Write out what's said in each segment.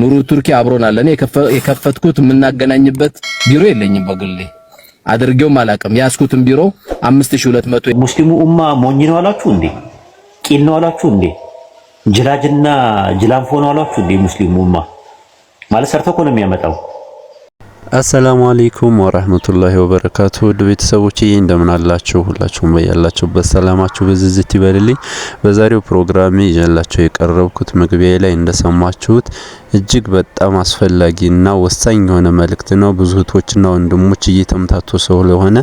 ኑሩ ቱርኪ አብሮናል። እኔ የከፈትኩት የምናገናኝበት ቢሮ የለኝም በግሌ አድርጌውም አላውቅም። ያስኩትም ቢሮ 5200 ሙስሊሙ ኡማ ሞኝ ነው አላችሁ እንዴ? ቂል ነው አላችሁ እንዴ? ጅላጅና ጅላንፎ ነው አላችሁ እንዴ? ሙስሊሙ ኡማ ማለት ሰርተው እኮ ነው የሚያመጣው። አሰላሙ አሌይኩም ወራህመቱላሂ ወበረካቱ ውድ ቤተሰቦች እንደምን አላችሁ? ሁላችሁም በያላችሁበት ሰላማችሁ ብዝዝት ይበልልኝ። በዛሬው ፕሮግራሜ ይዤላችሁ የቀረብኩት መግቢያ ላይ እንደሰማችሁት እጅግ በጣም አስፈላጊና ወሳኝ የሆነ መልእክት ነው። ብዙ እህቶችና ወንድሞች እየተምታቱ ስለሆነ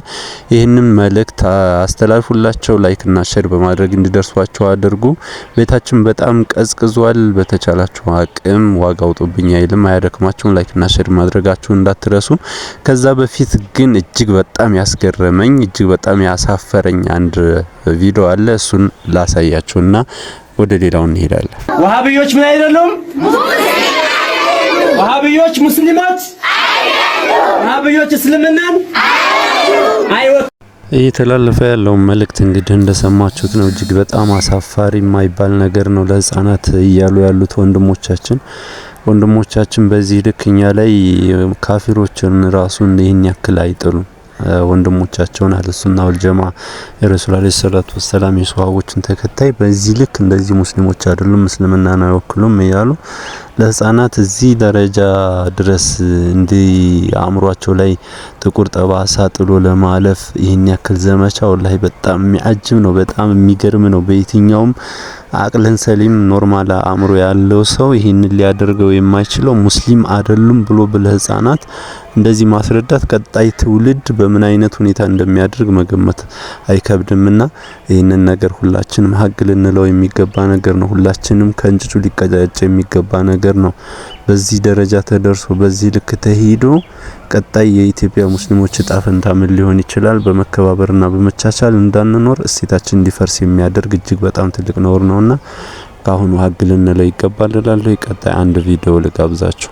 ይህንን መልእክት አስተላልፉላቸው። ላይክና ሼር በማድረግ እንዲደርሷቸው አድርጉ። ቤታችን በጣም ቀዝቅዟል። በተቻላችሁ አቅም ዋጋ አውጡብኝ አይልም አያደክማችሁም። ላይክና ሼር ማድረጋችሁ እንዳትረ አልደረሱም። ከዛ በፊት ግን እጅግ በጣም ያስገረመኝ እጅግ በጣም ያሳፈረኝ አንድ ቪዲዮ አለ። እሱን ላሳያችሁና ወደ ሌላው እንሄዳለን። ወሃብዮች ምን አይደሉም። ወሃብዮች አይደሉም። ወሃብዮች እስልምናን አይወ እየተላለፈ ያለው መልእክት እንግዲህ እንደሰማችሁት ነው። እጅግ በጣም አሳፋሪ የማይባል ነገር ነው። ለህፃናት እያሉ ያሉት ወንድሞቻችን ወንድሞቻችን በዚህ ልክ እኛ ላይ ካፊሮችን ራሱ ይህን ያክል አይጥሉም። ወንድሞቻቸውን አልሱና ወልጀማ የረሱል አለይሂ ሰላቱ ወሰላም የሰሃቦችን ተከታይ በዚህ ልክ እንደዚህ ሙስሊሞች አይደሉም ምስልምና ነው አይወክሉም እያሉ ለህፃናት እዚህ ደረጃ ድረስ እንዲ አእምሯቸው ላይ ጥቁር ጠባሳ ጥሎ ለማለፍ ይህን ያክል ዘመቻ ወላሂ በጣም የሚያጅብ ነው። በጣም የሚገርም ነው። በየትኛውም አቅልን ሰሊም ኖርማል አእምሮ ያለው ሰው ይህንን ሊያደርገው የማይችለው ሙስሊም አይደሉም ብሎ ለህፃናት እንደዚህ ማስረዳት ቀጣይ ትውልድ በምን አይነት ሁኔታ እንደሚያደርግ መገመት አይከብድምና ይህንን ነገር ሁላችንም ሀግ ልንለው የሚገባ ነገር ነው። ሁላችንም ከእንጭጩ ሊቀጫጭ የሚገባ ነገር ነው። በዚህ ደረጃ ተደርሶ በዚህ ልክ ተሄዶ ቀጣይ የኢትዮጵያ ሙስሊሞች እጣ ፈንታ ምን ሊሆን ይችላል? በመከባበርና በመቻቻል እንዳንኖር እሴታችን እንዲፈርስ የሚያደርግ እጅግ በጣም ትልቅ ነውር ነውና ከአሁኑ ሀግ ልንለው ይገባል እላለሁ። ቀጣይ አንድ ቪዲዮ ልጋብዛችሁ።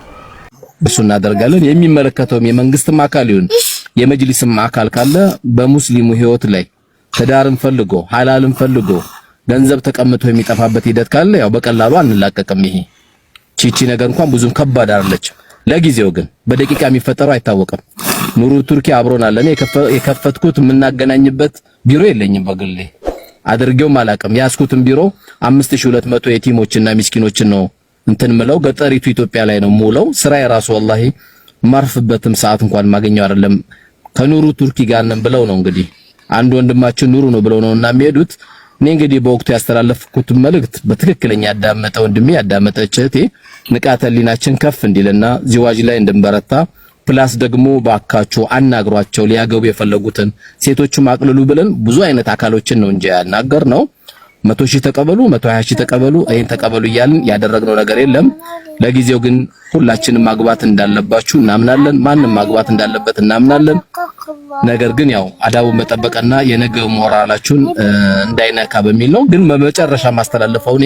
እሱ እናደርጋለን። የሚመለከተውም የመንግስትም አካል ይሁን የመጅሊስም አካል ካለ በሙስሊሙ ህይወት ላይ ትዳርን ፈልጎ ሐላልን ፈልጎ ገንዘብ ተቀምጦ የሚጠፋበት ሂደት ካለ ያው በቀላሉ አንላቀቅም ይሄ ቺቺ ነገር እንኳን ብዙም ከባድ አይደለችም። ለጊዜው ግን በደቂቃ የሚፈጠረው አይታወቅም። ኑሩ ቱርኪ አብሮን አለ። እኔ የከፈትኩት የምናገናኝበት ቢሮ የለኝም በግሌ አድርጌውም አላቅም። ያስኩትም ቢሮ 5200 የቲሞችና ሚስኪኖችን ነው እንትን ምለው ገጠሪቱ ኢትዮጵያ ላይ ነው ሙለው ስራ የራሱ ወላሂ ማርፍበትም ሰዓት እንኳን ማገኘው አይደለም። ከኑሩ ቱርኪ ጋር ነን ብለው ነው እንግዲህ አንድ ወንድማችን ኑሩ ነው ብለው ነው እና የሚሄዱት እኔ እንግዲህ በወቅቱ ያስተላለፍኩት መልእክት በትክክለኛ ያዳመጠ ወንድሜ ያዳመጠች እህቴ ንቃተ ህሊናችን ከፍ እንዲልና ዚዋጅ ላይ እንድንበረታ ፕላስ ደግሞ ባካቸው አናግሯቸው ሊያገቡ የፈለጉትን ሴቶችም አቅልሉ ብለን ብዙ አይነት አካሎችን ነው እንጂ ያናገር ነው። መቶ ሺህ ተቀበሉ፣ መቶ ሀያ ሺህ ተቀበሉ፣ ይሄን ተቀበሉ እያልን ያደረግነው ነገር የለም። ለጊዜው ግን ሁላችንም ማግባት እንዳለባችሁ እናምናለን። ማንም ማግባት እንዳለበት እናምናለን። ነገር ግን ያው አዳቡን መጠበቅና የነገ ሞራላችሁን እንዳይነካ በሚል ነው። ግን በመጨረሻ ማስተላለፈው እኔ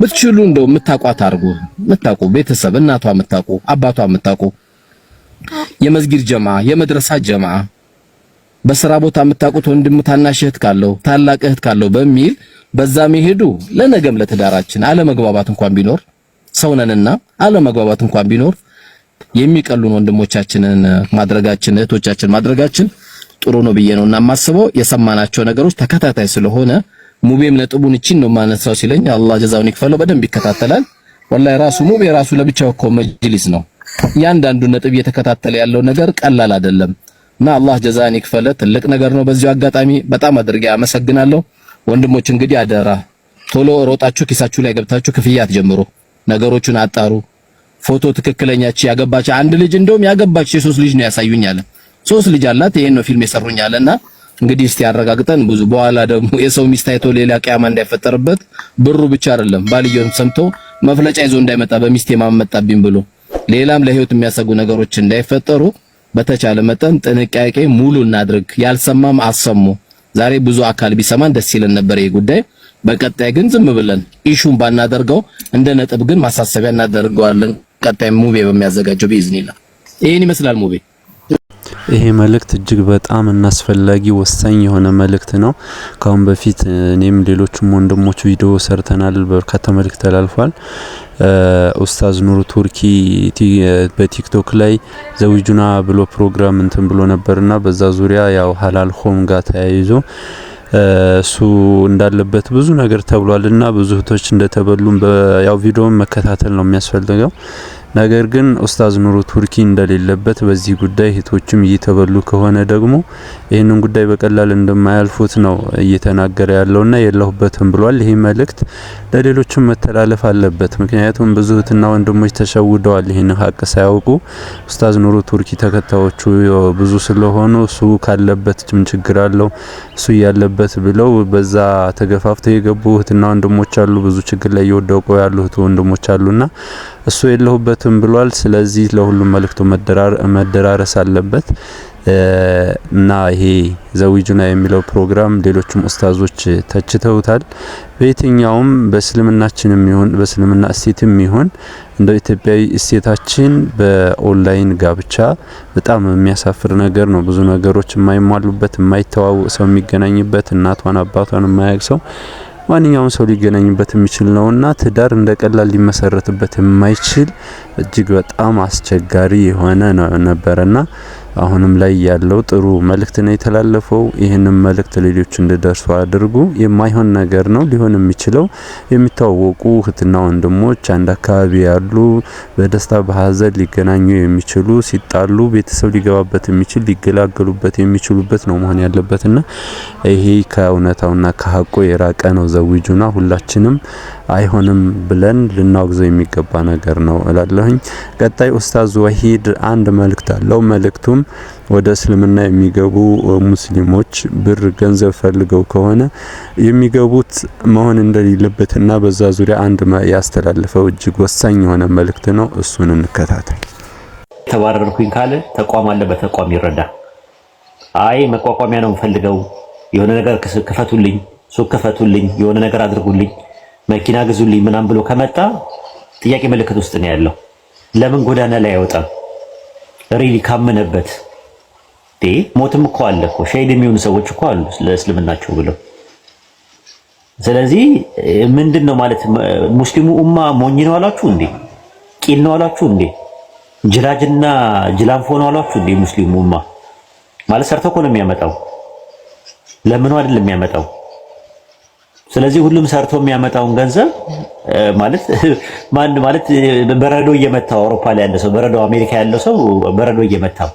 ብትችሉ እንደው የምታውቋት አድርጉ። የምታውቁ ቤተሰብ እናቷ የምታውቁ አባቷ የምታውቁ የመስጊድ ጀማ፣ የመድረሳ ጀማ፣ በስራ ቦታ የምታውቁት ወንድም ታናሽ እህት ካለው ታላቅ እህት ካለው በሚል በዛ መሄዱ ለነገም ለትዳራችን አለመግባባት እንኳን ቢኖር ሰውነንና አለመግባባት እንኳን ቢኖር የሚቀሉን ወንድሞቻችንን ማድረጋችን እህቶቻችን ማድረጋችን ጥሩ ነው ብዬ ነው እናማስበው የሰማናቸው ነገሮች ተከታታይ ስለሆነ ሙቤም ነጥቡን እቺን ነው ማነሳው ሲለኝ አላህ ጀዛውን ይክፈለው። በደንብ ይከታተላል። ወላሂ ራሱ ሙቤ ራሱ ለብቻው እኮ መጅሊስ ነው። ያንዳንዱ ነጥብ እየተከታተለ ያለው ነገር ቀላል አይደለም እና አላህ ጀዛን ይክፈለ። ትልቅ ነገር ነው። በዚሁ አጋጣሚ በጣም አድርጌ አመሰግናለሁ። ወንድሞች እንግዲህ አደራ ቶሎ ሮጣችሁ ኪሳችሁ ላይ ገብታችሁ ክፍያት ጀምሮ ነገሮቹን አጣሩ። ፎቶ ትክክለኛች ያገባች አንድ ልጅ እንደውም ያገባች የሶስት ልጅ ነው ያሳዩኛል። ሶስት ልጅ አላት። ይሄን ነው ፊልም የሰሩኛልና እንግዲህ እስቲ አረጋግጠን ብዙ በኋላ ደግሞ የሰው ሚስት አይቶ ሌላ ቅያማ እንዳይፈጠርበት ብሩ ብቻ አይደለም ባልየውን ሰምቶ መፍለጫ ይዞ እንዳይመጣ በሚስቴ ማመጣብኝ ብሎ ሌላም ለህይወት የሚያሰጉ ነገሮች እንዳይፈጠሩ በተቻለ መጠን ጥንቃቄ ሙሉ እናድርግ። ያልሰማም አሰሙ። ዛሬ ብዙ አካል ቢሰማን ደስ ይለን ነበር ይሄ ጉዳይ። በቀጣይ ግን ዝም ብለን ኢሹን ባናደርገው እንደ ነጥብ ግን ማሳሰቢያ እናደርገዋለን። ቀጣይ ሙቪ በሚያዘጋጀው ቢዝኒላ ይህን ይመስላል ሙቪ። ይሄ መልእክት እጅግ በጣም እናስፈላጊ ወሳኝ የሆነ መልእክት ነው። ካሁን በፊት እኔም ሌሎችም ወንድሞች ቪዲዮ ሰርተናል። በርካታ መልእክት ተላልፏል። ኡስታዝ ኑሩ ቱርኪ በቲክቶክ ላይ ዘውጁና ብሎ ፕሮግራም እንትን ብሎ ነበርና በዛ ዙሪያ ያው ሀላል ሆም ጋር ተያይዞ እሱ እንዳለበት ብዙ ነገር ተብሏልና ብዙ እህቶች እንደተበሉም ያው ቪዲዮን መከታተል ነው የሚያስፈልገው። ነገር ግን ኡስታዝ ኑሩ ቱርኪ እንደሌለበት በዚህ ጉዳይ እህቶችም እየተበሉ ከሆነ ደግሞ ይህንን ጉዳይ በቀላል እንደማያልፉት ነው እየተናገረ ያለውና የለሁበትም ብሏል። ይህ መልእክት ለሌሎችም መተላለፍ አለበት። ምክንያቱም ብዙ እህትና ወንድሞች ተሸውደዋል። ይህን ሀቅ ሳያውቁ ኡስታዝ ኑሩ ቱርኪ ተከታዮቹ ብዙ ስለሆኑ እሱ ካለበት ጭም ችግር አለው እሱ ያለበት ብለው በዛ ተገፋፍተው የገቡ እህትና ወንድሞች አሉ። ብዙ ችግር ላይ የወደቁ ያሉ እህት ወንድሞች አሉና እሱ የለሁበትም ብሏል። ስለዚህ ለሁሉም መልእክቱ መደራረስ አለበት እና ይሄ ዘዊጁና የሚለው ፕሮግራም ሌሎችም ኡስታዞች ተችተውታል። በየትኛውም በእስልምናችንም ይሁን በእስልምና እሴትም ይሁን እንደ ኢትዮጵያዊ እሴታችን በኦንላይን ጋብቻ በጣም የሚያሳፍር ነገር ነው። ብዙ ነገሮች የማይሟሉበት፣ የማይተዋወቅ ሰው የሚገናኝበት፣ እናቷን አባቷን የማያውቅ ሰው ማንኛውም ሰው ሊገናኝበት የሚችል ነውና ትዳር እንደ ቀላል ሊመሰረትበት የማይችል እጅግ በጣም አስቸጋሪ የሆነ ነው ነበረና አሁንም ላይ ያለው ጥሩ መልእክት ነው የተላለፈው። ይህንም መልእክት ሌሎች እንዲደርሱ አድርጉ። የማይሆን ነገር ነው ሊሆን የሚችለው። የሚታወቁ እህትና ወንድሞች አንድ አካባቢ ያሉ በደስታ በሀዘን ሊገናኙ የሚችሉ ሲጣሉ ቤተሰብ ሊገባበት የሚችል ሊገላገሉበት የሚችሉበት ነው መሆን ያለበትና ይሄ ከእውነታውና ከሀቆ የራቀ ነው። ዘዊጁና ሁላችንም አይሆንም ብለን ልናወግዘው የሚገባ ነገር ነው እላለሁኝ። ቀጣይ ኡስታዝ ወሂድ አንድ መልእክት አለው። መልእክቱም ወደ እስልምና የሚገቡ ሙስሊሞች ብር ገንዘብ ፈልገው ከሆነ የሚገቡት መሆን እንደሌለበትና በዛ ዙሪያ አንድ ያስተላለፈው እጅግ ወሳኝ የሆነ መልእክት ነው። እሱን እንከታተል። ተባረርኩኝ ካለ ተቋም አለ፣ በተቋም ይረዳ። አይ መቋቋሚያ ነው ፈልገው የሆነ ነገር ክፈቱልኝ፣ ሱቅ ክፈቱልኝ፣ የሆነ ነገር አድርጉልኝ መኪና ግዙልኝ ምናምን ብሎ ከመጣ ጥያቄ ምልክት ውስጥ ነው ያለው። ለምን ጎዳና ላይ አይወጣም? ሪሊ ካመነበት ሞትም እኮ አለ እኮ ሸሂድ የሚሆኑ ሰዎች እኮ አሉ ለእስልምናቸው ብለው። ስለዚህ ምንድን ነው ማለት ሙስሊሙ ኡማ ሞኝ ነው አሏችሁ እንዴ? ቂል ነው አሏችሁ እንዴ? ጅላጅና ጅላንፎ ነው አሏችሁ እንዴ? ሙስሊሙ ኡማ ማለት ሰርተው እኮ ነው የሚያመጣው። ለምኑ አይደለም የሚያመጣው ስለዚህ ሁሉም ሰርቶ የሚያመጣውን ገንዘብ ማለት ማን ማለት በረዶ እየመታው አውሮፓ ላይ ያለ ሰው በረዶ አሜሪካ ያለው ሰው በረዶ እየመታው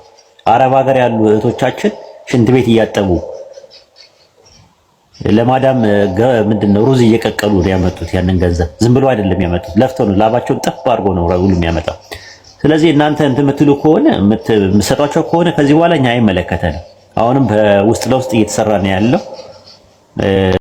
አረብ ሀገር ያሉ እህቶቻችን ሽንት ቤት እያጠቡ ለማዳም ምንድን ነው ሩዝ እየቀቀሉ ነው ያመጡት። ያንን ገንዘብ ዝም ብሎ አይደለም ያመጡት፣ ለፍተው ነው ላባቸውን ጠፍ አድርጎ ነው ሁሉም የሚያመጣው። ስለዚህ እናንተ እንትን የምትሉ ከሆነ የምትሰጧቸው ከሆነ ከዚህ በኋላ እኛ አይመለከተንም። አሁንም በውስጥ ለውስጥ እየተሰራ ነው ያለው።